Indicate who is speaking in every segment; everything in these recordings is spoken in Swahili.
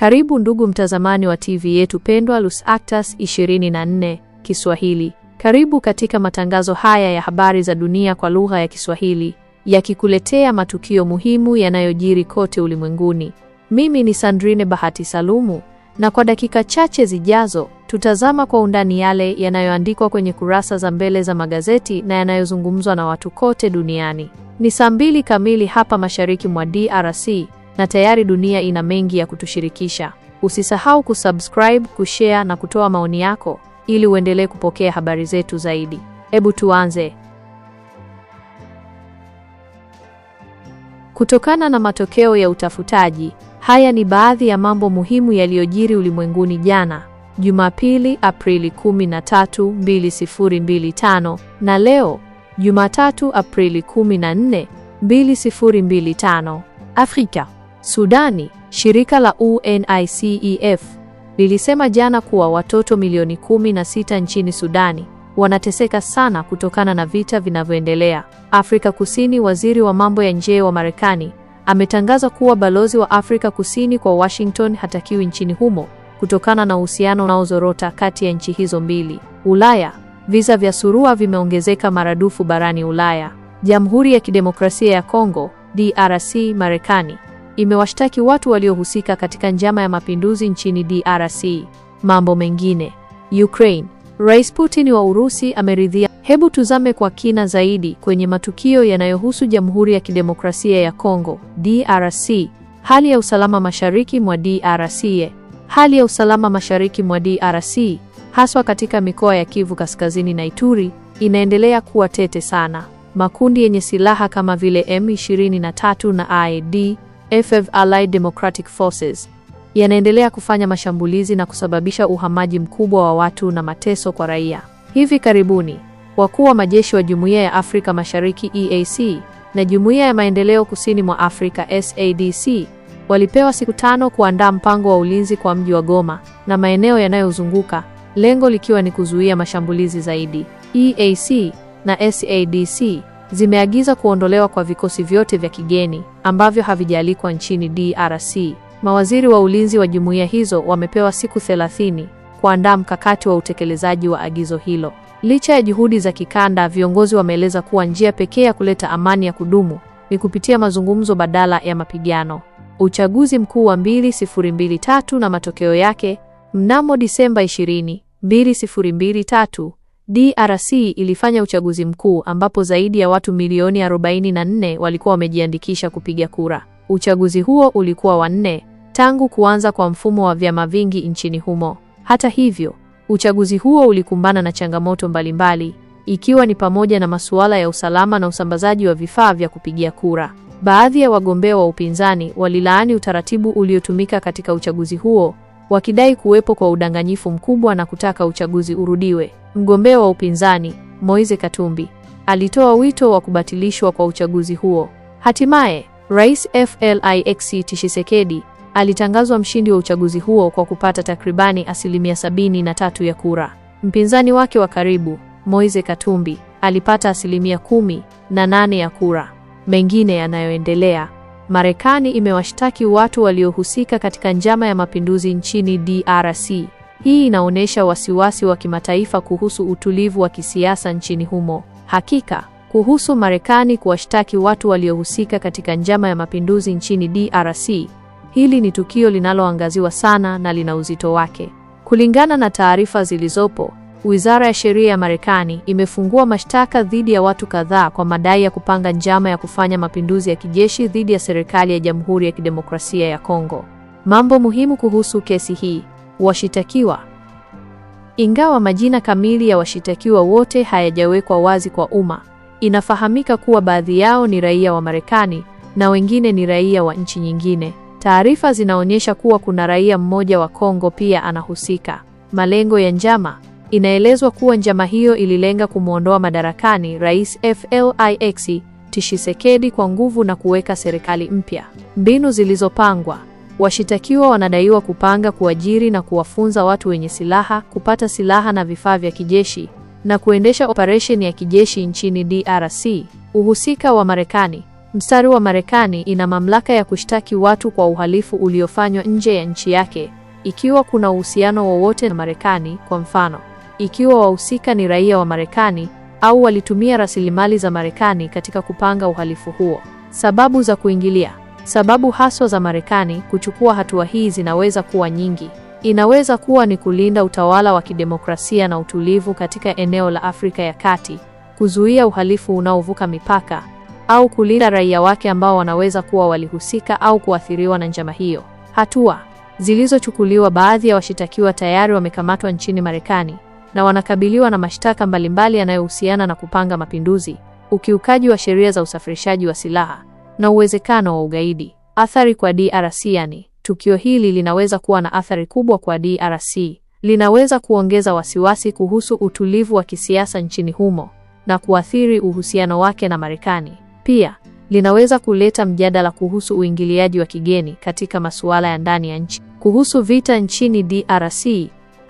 Speaker 1: Karibu ndugu mtazamani wa TV yetu pendwa actas 24 Kiswahili. Karibu katika matangazo haya ya habari za dunia kwa lugha ya Kiswahili, yakikuletea matukio muhimu yanayojiri kote ulimwenguni. Mimi ni Sandrine Bahati Salumu, na kwa dakika chache zijazo tutazama kwa undani yale yanayoandikwa kwenye kurasa za mbele za magazeti na yanayozungumzwa na watu kote duniani. Ni saa mbili kamili hapa mashariki mwa DRC na tayari dunia ina mengi ya kutushirikisha. Usisahau kusubscribe, kushare na kutoa maoni yako ili uendelee kupokea habari zetu zaidi. Hebu tuanze. Kutokana na matokeo ya utafutaji, haya ni baadhi ya mambo muhimu yaliyojiri ulimwenguni jana Jumapili, Aprili 13, 2025 na leo Jumatatu, Aprili 14, 2025. Afrika Sudani, shirika la UNICEF lilisema jana kuwa watoto milioni 16 nchini Sudani wanateseka sana kutokana na vita vinavyoendelea. Afrika Kusini, waziri wa mambo ya nje wa Marekani ametangaza kuwa balozi wa Afrika Kusini kwa Washington hatakiwi nchini humo kutokana na uhusiano unaozorota kati ya nchi hizo mbili. Ulaya, visa vya surua vimeongezeka maradufu barani Ulaya. Jamhuri ya Kidemokrasia ya Kongo, DRC, Marekani imewashtaki watu waliohusika katika njama ya mapinduzi nchini DRC. Mambo mengine, Ukraine. Rais Putin wa Urusi ameridhia. Hebu tuzame kwa kina zaidi kwenye matukio yanayohusu Jamhuri ya Kidemokrasia ya Kongo, DRC. Hali ya usalama mashariki mwa DRC. Hali ya usalama mashariki mwa DRC, haswa katika mikoa ya Kivu Kaskazini na Ituri, inaendelea kuwa tete sana. Makundi yenye silaha kama vile M23 na AED FF Allied Democratic Forces yanaendelea kufanya mashambulizi na kusababisha uhamaji mkubwa wa watu na mateso kwa raia. Hivi karibuni, wakuu wa majeshi wa Jumuiya ya Afrika Mashariki EAC na Jumuiya ya Maendeleo Kusini mwa Afrika SADC walipewa siku tano kuandaa mpango wa ulinzi kwa mji wa Goma na maeneo yanayozunguka, lengo likiwa ni kuzuia mashambulizi zaidi. EAC na SADC zimeagiza kuondolewa kwa vikosi vyote vya kigeni ambavyo havijaalikwa nchini DRC. Mawaziri wa ulinzi wa jumuiya hizo wamepewa siku 30 kuandaa mkakati wa utekelezaji wa agizo hilo. Licha ya juhudi za kikanda, viongozi wameeleza kuwa njia pekee ya kuleta amani ya kudumu ni kupitia mazungumzo badala ya mapigano. Uchaguzi mkuu wa 2023 na matokeo yake mnamo Disemba 20, 2023 DRC ilifanya uchaguzi mkuu ambapo zaidi ya watu milioni 44 walikuwa wamejiandikisha kupiga kura. Uchaguzi huo ulikuwa wa nne tangu kuanza kwa mfumo wa vyama vingi nchini humo. Hata hivyo, uchaguzi huo ulikumbana na changamoto mbalimbali, ikiwa ni pamoja na masuala ya usalama na usambazaji wa vifaa vya kupigia kura. Baadhi ya wagombea wa upinzani walilaani utaratibu uliotumika katika uchaguzi huo wakidai kuwepo kwa udanganyifu mkubwa na kutaka uchaguzi urudiwe. Mgombea wa upinzani Moise Katumbi alitoa wito wa kubatilishwa kwa uchaguzi huo. Hatimaye, Rais Felix Tshisekedi alitangazwa mshindi wa uchaguzi huo kwa kupata takribani asilimia sabini na tatu ya kura. Mpinzani wake wa karibu Moise Katumbi alipata asilimia kumi na nane ya kura. Mengine yanayoendelea Marekani imewashtaki watu waliohusika katika njama ya mapinduzi nchini DRC. Hii inaonyesha wasiwasi wa kimataifa kuhusu utulivu wa kisiasa nchini humo. Hakika, kuhusu Marekani kuwashtaki watu waliohusika katika njama ya mapinduzi nchini DRC, hili ni tukio linaloangaziwa sana na lina uzito wake. Kulingana na taarifa zilizopo, Wizara ya Sheria ya Marekani imefungua mashtaka dhidi ya watu kadhaa kwa madai ya kupanga njama ya kufanya mapinduzi ya kijeshi dhidi ya serikali ya Jamhuri ya Kidemokrasia ya Kongo. Mambo muhimu kuhusu kesi hii: washitakiwa. Ingawa majina kamili ya washitakiwa wote hayajawekwa wazi kwa umma, inafahamika kuwa baadhi yao ni raia wa Marekani na wengine ni raia wa nchi nyingine. Taarifa zinaonyesha kuwa kuna raia mmoja wa Kongo pia anahusika. Malengo ya njama Inaelezwa kuwa njama hiyo ililenga kumwondoa madarakani Rais Flix Tshisekedi kwa nguvu na kuweka serikali mpya. Mbinu zilizopangwa. Washitakiwa wanadaiwa kupanga kuajiri na kuwafunza watu wenye silaha, kupata silaha na vifaa vya kijeshi na kuendesha operesheni ya kijeshi nchini DRC. Uhusika wa Marekani. Mstari wa Marekani ina mamlaka ya kushtaki watu kwa uhalifu uliofanywa nje ya nchi yake ikiwa kuna uhusiano wowote na Marekani, kwa mfano ikiwa wahusika ni raia wa Marekani au walitumia rasilimali za Marekani katika kupanga uhalifu huo. Sababu za kuingilia. Sababu haswa za Marekani kuchukua hatua hii zinaweza kuwa nyingi. Inaweza kuwa ni kulinda utawala wa kidemokrasia na utulivu katika eneo la Afrika ya Kati, kuzuia uhalifu unaovuka mipaka, au kulinda raia wake ambao wanaweza kuwa walihusika au kuathiriwa na njama hiyo. Hatua zilizochukuliwa: baadhi ya washitakiwa tayari wamekamatwa nchini Marekani na wanakabiliwa na mashtaka mbalimbali yanayohusiana na kupanga mapinduzi, ukiukaji wa sheria za usafirishaji wa silaha na uwezekano wa ugaidi. Athari kwa DRC yani, tukio hili linaweza kuwa na athari kubwa kwa DRC. Linaweza kuongeza wasiwasi kuhusu utulivu wa kisiasa nchini humo na kuathiri uhusiano wake na Marekani. Pia linaweza kuleta mjadala kuhusu uingiliaji wa kigeni katika masuala ya ndani ya nchi. Kuhusu vita nchini DRC,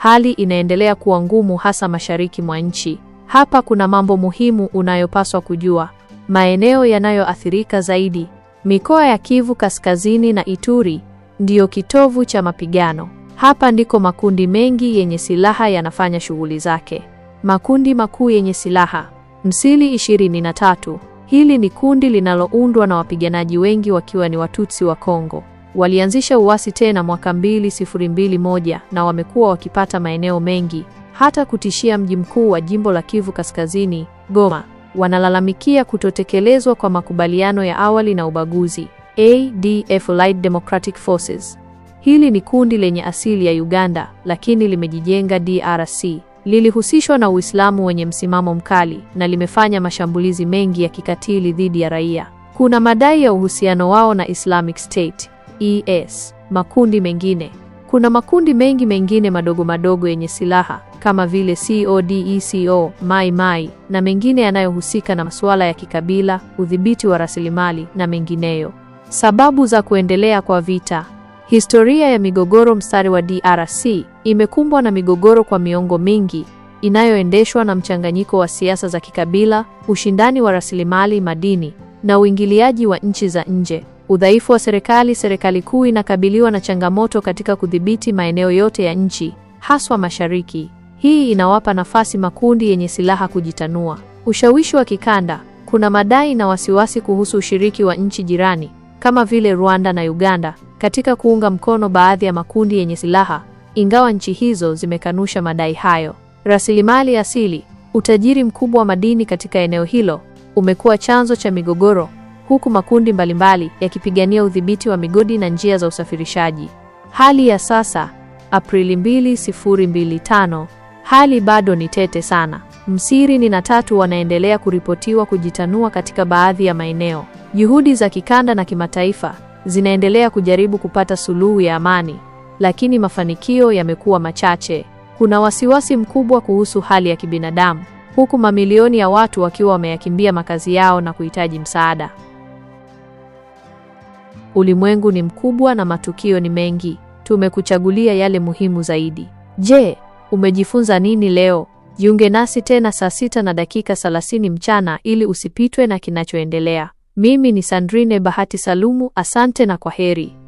Speaker 1: hali inaendelea kuwa ngumu, hasa mashariki mwa nchi. Hapa kuna mambo muhimu unayopaswa kujua. Maeneo yanayoathirika zaidi: mikoa ya Kivu Kaskazini na Ituri ndiyo kitovu cha mapigano. Hapa ndiko makundi mengi yenye silaha yanafanya shughuli zake. Makundi makuu yenye silaha: Msili 23. Hili ni kundi linaloundwa na wapiganaji wengi wakiwa ni Watutsi wa Kongo. Walianzisha uasi tena mwaka 2021 na wamekuwa wakipata maeneo mengi, hata kutishia mji mkuu wa jimbo la Kivu Kaskazini, Goma. Wanalalamikia kutotekelezwa kwa makubaliano ya awali na ubaguzi, ADF Allied Democratic Forces. Hili ni kundi lenye asili ya Uganda lakini limejijenga DRC. Lilihusishwa na Uislamu wenye msimamo mkali na limefanya mashambulizi mengi ya kikatili dhidi ya raia. Kuna madai ya uhusiano wao na Islamic State. IS, e makundi mengine. Kuna makundi mengi mengine madogo madogo yenye silaha kama vile CODECO, e Mai Mai na mengine yanayohusika na masuala ya kikabila, udhibiti wa rasilimali na mengineyo. Sababu za kuendelea kwa vita. Historia ya migogoro mstari wa DRC imekumbwa na migogoro kwa miongo mingi inayoendeshwa na mchanganyiko wa siasa za kikabila, ushindani wa rasilimali madini na uingiliaji wa nchi za nje. Udhaifu wa serikali. Serikali kuu inakabiliwa na changamoto katika kudhibiti maeneo yote ya nchi, haswa mashariki. Hii inawapa nafasi makundi yenye silaha kujitanua. Ushawishi wa kikanda. Kuna madai na wasiwasi kuhusu ushiriki wa nchi jirani kama vile Rwanda na Uganda katika kuunga mkono baadhi ya makundi yenye silaha, ingawa nchi hizo zimekanusha madai hayo. Rasilimali asili. Utajiri mkubwa wa madini katika eneo hilo umekuwa chanzo cha migogoro huku makundi mbalimbali yakipigania udhibiti wa migodi na njia za usafirishaji. Hali ya sasa Aprili 2025, hali bado ni tete sana. Msiri ni na tatu wanaendelea kuripotiwa kujitanua katika baadhi ya maeneo. Juhudi za kikanda na kimataifa zinaendelea kujaribu kupata suluhu ya amani, lakini mafanikio yamekuwa machache. Kuna wasiwasi mkubwa kuhusu hali ya kibinadamu, huku mamilioni ya watu wakiwa wameyakimbia makazi yao na kuhitaji msaada. Ulimwengu ni mkubwa na matukio ni mengi, tumekuchagulia yale muhimu zaidi. Je, umejifunza nini leo? Jiunge nasi tena saa sita na dakika 30 mchana ili usipitwe na kinachoendelea. Mimi ni Sandrine Bahati Salumu, asante na kwaheri.